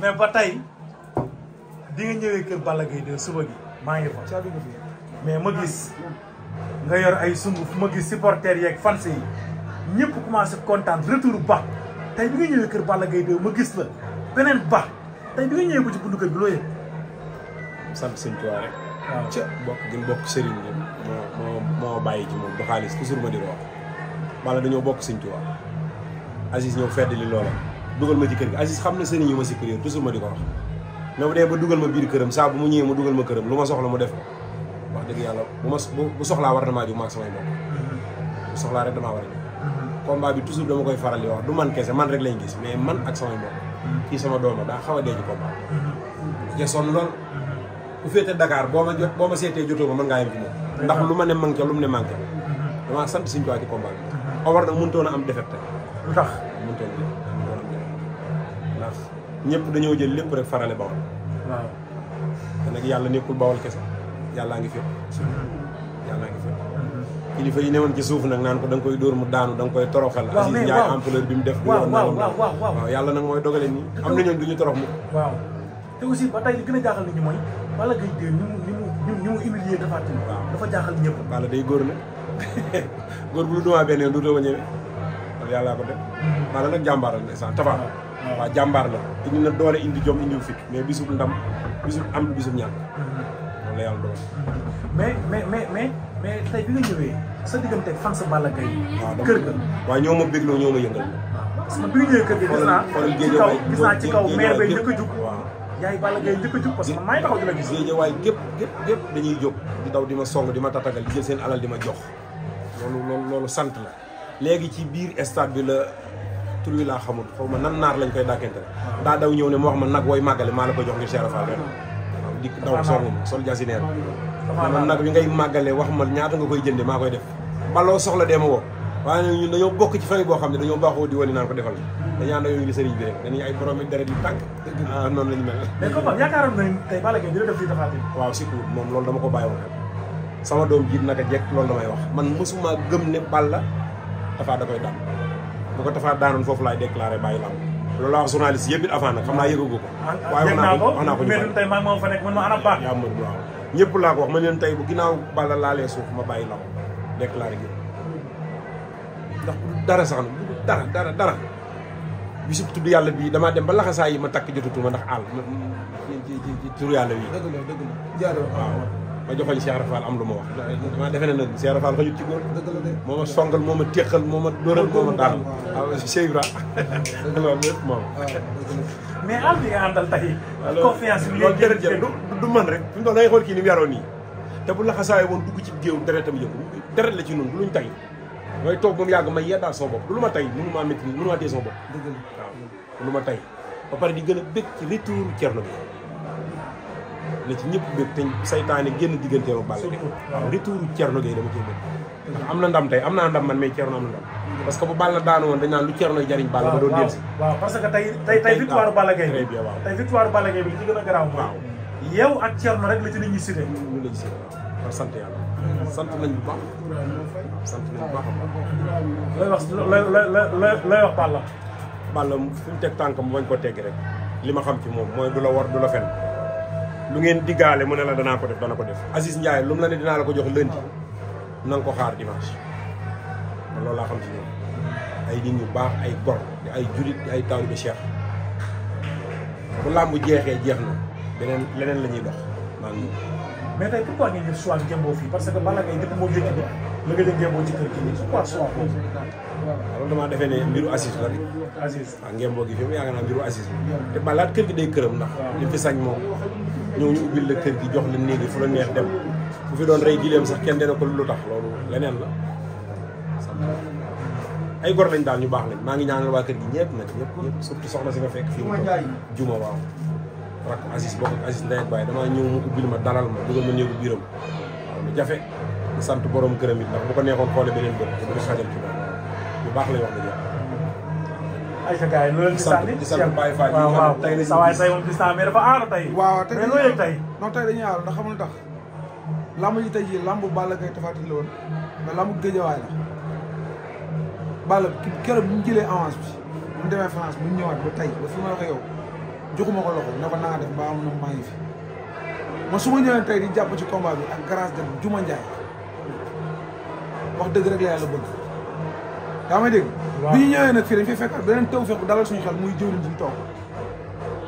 mais ba tey di nga ñëwee kër Balla Gaye de suba gi maa ngi fa mais ma gis nga yor ay sunguf ma gis supporters yeeg fans yi ñëpp commencé kontaan retour ba tey bi nga ñëwee kër Balla Gaye de ma gis la beneen ba tey bi nga ñëwee bu ci buntu kër bi loo yëg sant sëñ Tuubaa rek waaw ca bokk gën bokk sëriñ bi moo moo bàyyi ci moom du xaalis toujours ma di wax wala dañoo bokk sëñ Tuubaa Aziz ñëw fedd li loola dugal ma ci bi gi Aziz xam na sëriñ yu ma supérieur toujours ma di ko wax mais bu dee ba dugal ma biir këram saa bu mu ñëwee mu dugal ma këram lu ma soxla mu def ko dëgg yàlla bu ma bu soxlaa war na maa jóg maag samay mbokk mm-hmm. bu soxlaa rek damaa war a mm-hmm. combat bi toujours dama koy faral di wax du man kese man rek lañ gis mais man ak samay mbokk mm-hmm. kii sama dooma daa xaw a dee ci combat bi sonn lool ku féete Dakar boo ma jot ma seetee jotoo ma mën ngaa ndax lu ma ne manqué lu mu ne manqué damaa sant suñu tuwaay ci combat bi awar nag mënutoon a am defet tey lu tax mënutoon différence dañoo jël lépp rek farale bawal waaw te yàlla nekkul bawal kese yàllaa ngi fépp ngi fépp mm-hmm. kilifa yi newoon ci suuf nag naan ko da koy dóor mu daanu da nga koy toroxal Aziz Ndiaye ampleur bi mu def bi woon yàlla nag mooy dogale nii am na ñoom du ñu torox mu waaw te a jaaxal mooy Balla Gaye dé ñu mu ñu mu ñu dafa tim waaw dafa jaaxal ñëpp Balla day góor na góor bu lu dumaa benn yoon du too ba ñëwee loolu yàllaa ko def mm-hmm. Balla nag jàmbaaral ndeysaan tabaar waaw jàmbaar la indi na doole indi jom indi fit mais bisub ndam bisub am bisub ñàkk loolu la yàlla doole mais mais mais mais mais tey bi nga ñëwee sa diggante fan sa Balla Gaye waaw kër ga waaw ñoo ma bégloo ñoo ma yëngal parce que bi nga ñëwee kër ga gis naa ci kaw gis naa ci kaw maire bay njëkk a jug yaay Balla Gaye njëkk a jug parce que maa ngi taxaw di la gis géejëwaay gépp gépp gépp dañuy jóg di daw di ma song di ma tatagal di jël seen alal di ma jox loolu loolu loolu sant la léegi ci biir stade bi la tur wi laa xamut xaw ma nan naar lañ koy dàkkante daa daw ñëw ne moo xam nag wooy màggale maa la ko jox ngir Cheikh Fall ren waaw di daw sornum sol jasineer man nag wi ngay màggale wax ma ñaata nga koy jënde maa koy def baloo soxla dee ma woo waaye nag ñun dañoo bokk ci famille boo xam ne dañoo baaxoo di wane naan ko defal dañu ànd ak yooyu sëriñ bi rek dañuy ay borom deret yu tànk ah noonu la ñu mel mais comme yaakaaroon nañ tey Balla Gaye dina def lii dafaati waaw surtout moom loolu dama ko bàyyi woon sama doom jiit naka jekk loolu damay bu ko Tapha daanoon foofu laay déclaré bàyyi làmb loolu laa wax journaliste yëpp it avant nag xam naa yëgagu ko. Ah, waaye wax naa ko wax naa ko ñu tey maa ngi moom fa nekk man ma ana baax. yaa mën waaw ñëpp laa ko wax ma leen tey bu ginnaaw bala laalee suuf ma bàyyi làmb déclaré gi ndax dara sax na dara yàlla bii damaa dem ba laxasaa yi ma takk jotatuma ndax àll ci ci ci tur yàlla bii. ma joxoñ Cheikh Rafal am lu ma wax dama defe ne nag Cheikh Rafal xajut ci góor moo ma songal moo ma téqal moo ma dóoral moo ma daal waaw Cheikh Ibra loolu lépp moom mais àll bi du man rek fi mu doon da ngay xool kii ni mu yaroo nii te bu laxasaay woon dugg ci géew deretam yëngu la ci noonu du luñ mooy toog ba mu yàgg may yeddaal lu ma tey mënu maa métti mënu maa dee sama bopp waaw lu ma tey ba pare di gën a bég ci retour Thierno bi na ci ñëpp bëgg te saytaane génn digganteem ak Balla Gaye waaw retouru dama cee bëgg ndax am na ndam tey am naa ndam man mais Thierno am na ndam parce que bu Balla daanu woon dañ naan lu Thierno jariñ Balla ba doon dellu si waaw parce que tey tey tey victoire Balla Gaye bi tey victoire Balla Gaye bi li ci gën a sant waaw yow ak Thierno la ci nit ñi cité ñu la cité waaw sant yàlla sant nañ bu baax sant nañ bu baax a baax looy wax looy wax Balla Balla fu mu teg tànkam bañ ko tegg rek li ma xam ci moom mooy du la war du la lu ngeen diggaale mu ne la danaa ko def dana ko def Aziz Ndiaye lu mu la ne dinaa la ko jox lundi na nga ko xaar dimanche man loolu laa xam ci ñoom ay nit ay gor ay julit ay taalibe Cheikh bu jeexee jeex na beneen leneen la ñuy dox naan mais tey pourquoi ngeen def choix fii parce que Balla Gaye ci kër gi nii pourquoi defee ne mbiru Aziz la rek Aziz waaw ngémboo gi fi mu yaakaar balaat kër gi day këram ndax li fi sañ moom ñëw ñu ubbil la kër jox la néegi fu la neex dem fu fi doon rey gileem sax kenn dana ko lu tax loolu leneen la ay gor lañ daal ñu baax lañ maa ngi ñaanal waa kër gi ñëpp nag ñëpp ñëpp surtout soxna si nga fekk fii juma waaw rakk Aziz boo ak Aziz ndey baay damaa ñëw mu ubbil ma dalal ma dugal ma néegu biiram waaw lu jafe sant boroom gërëm yi ndax bu ko neexoon koole beneen bët bu ko xajal ci loolu bu baax lay wax dëgg ayca gars yi loolu sànni di sant Baye Fall waaw waaw waaye tey dafa aar tey waaw tey mais loo yëg tey non tey ndax xamul tax lamb ji tey jii lamb Balla Gaye Tapha Tine la woon mais lamb géejawaay la Balla keroog bi ñu jëlee avance bi bu ñu demee France bu ñu ñëwaat ba tey ba fi ma waxee yow joxuma ko loxo ne ko naa def mbaa am na maa fi ma su ma ñëwee tey di jàpp ci combat bi ak grâce de Juma Ndiaye wax dëgg rek la yàlla bëgg yaa may dégg bi ñu ñëwee nag fii dañ fay fekkaat beneen taw fekk bu dalal suñu xel muy jëwriñ ji ñu toog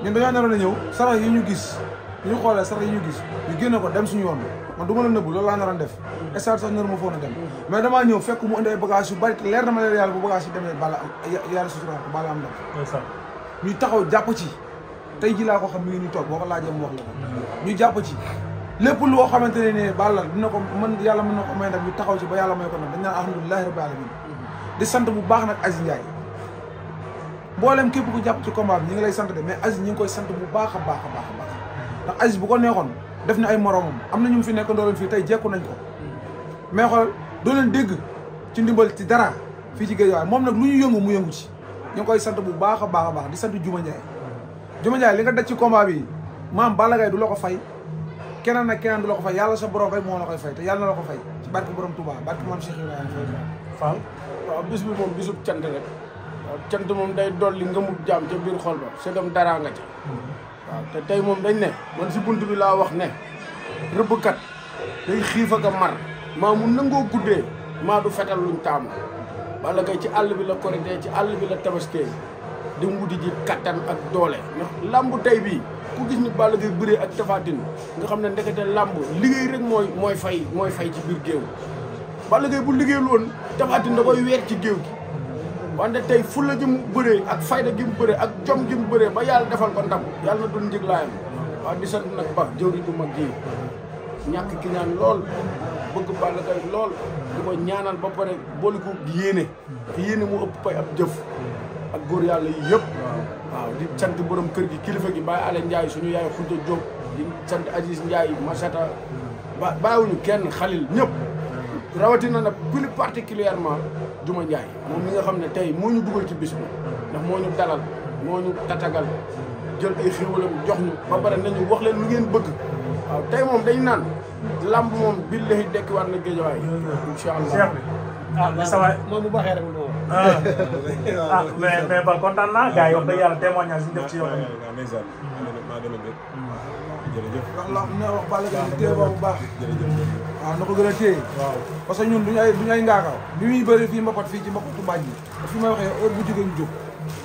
ñun yi ñu gis ñu xoolee sarax yi ñu gis ñu génne ko dem suñu yoon man du ma la nëbbu loolu def stade sax naru ma foon a dem mais fekk mu indi ay bagage yu leer na ma leer yàlla bu bagage yi demee bala ñu taxaw jàpp ci tey ji laa ko xam mi ngi ñu toog boo ko laajee mu wax la ko ñu jàpp ci lépp loo xamante ne ne Balla dina ko mën yàlla mën na ko may ndam ñu taxaw ci ba yàlla may ko ndam dañ naan alhamdulilahi rabbi alamin di sant bu baax nag Aziz Ndiaye mboolem képp ku jàpp ci combat bi ñu ngi lay sant de mais Aziz ñi ngi koy sant bu baax a baax a baax a baax ndax ko neexoon def na ay moromam am na ñu fi nekk fii tey jekku nañ ko mais xool doo leen dégg ci ndimbal ci dara fii ci géej waaye moom nag lu ñu yëngu mu yëngu ci ñu ngi koy sant bu baax a baax a baax di sant Juma Ndiaye Juma Ndiaye li nga daj ci combat yi maam Balla Gaye du la ko fay keneen ak keneen du la ko fay yàlla sa borom rek moo la koy fay te yàlla na la ko fay ci barke borom Touba barke maam Cheikh Ibrahima Faye waa waaw bis bi moom bisub cant rek waaw moom day dolli ngëmub jaam ca biir xol ba segam daraa nga ca waaw te tey moom dañ ne man si bunt bi laa wax ne rëbbkat day xiif ak a mar maa mu nangoo guddee maa du fetal luñ taamu bala kay ci àll bi la korité ci àll bi la tabaskee di wuti ji kattan ak doole làmb tey bii ku gis ni Balla Gaye bëree ak Tapha nga xam ne ndekete làmb liggéey rek mooy mooy fay mooy fay ci biir géew Balla Gaye bu liggéeyul woon Tapha Tine da koy weer ci géew gi wante tey fulla gi mu bëree ak fayda gi mu bëree ak jom gi mu bëree ba yàlla defal ko ndam yàlla na doon njëglaayam waaw di sant nag ba jëwri bu mag ji ñàkk ki ñaan lool bëgg Balla Gaye lool di ko ñaanal ba pare boole ko yéene te yéene mu ëpp ab jëf ak góor yàlla yi yëpp waaw di sant borom kër gi kilifa gi Baye Alé Ndiaye suñu yaay Khoudia Diop di sant Aziz Ndiaye Massata ba bàyyiwuñu kenn xalil ñëpp rawatina nag plus particulièrement Duma Njaay moom mi nga xam ne tey moo ñu dugal ci bis bi ndax moo ñu dalal moo ñu tatagal jël ay xiwalam jox ñu ba pare nañu wax leen mu ngeen bëgg waaw tey moom dañ naan làmb moom billahi dekkiwaat na géejawaay incha allah ah mais sa waay moom bu baaxee rek mu ah. ah mais mais ba kontaan naa gars yi wax dëgg yàlla témoignage ñu def ci yow. waaw waaw jërëjëf. wax la baax. waaw na ko gën a téye waaw parce que ñun duñu ay duñu ay ngaakaaw bi muy bëri fii mbapat fii ci mbapatu mbaaj bi fi may waxee heure bu jógee ñu jóg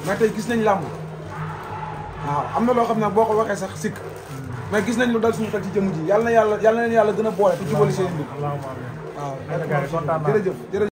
mais tey gis nañ làmb waaw am na loo xam ne boo ko waxee sax sikk mais gis nañ lu dal suñu xel ci jëmm ji yàlla na yàlla yàlla na leen yàlla gën a boole te jubali seen mbir waaw jërëjëf jërëjëf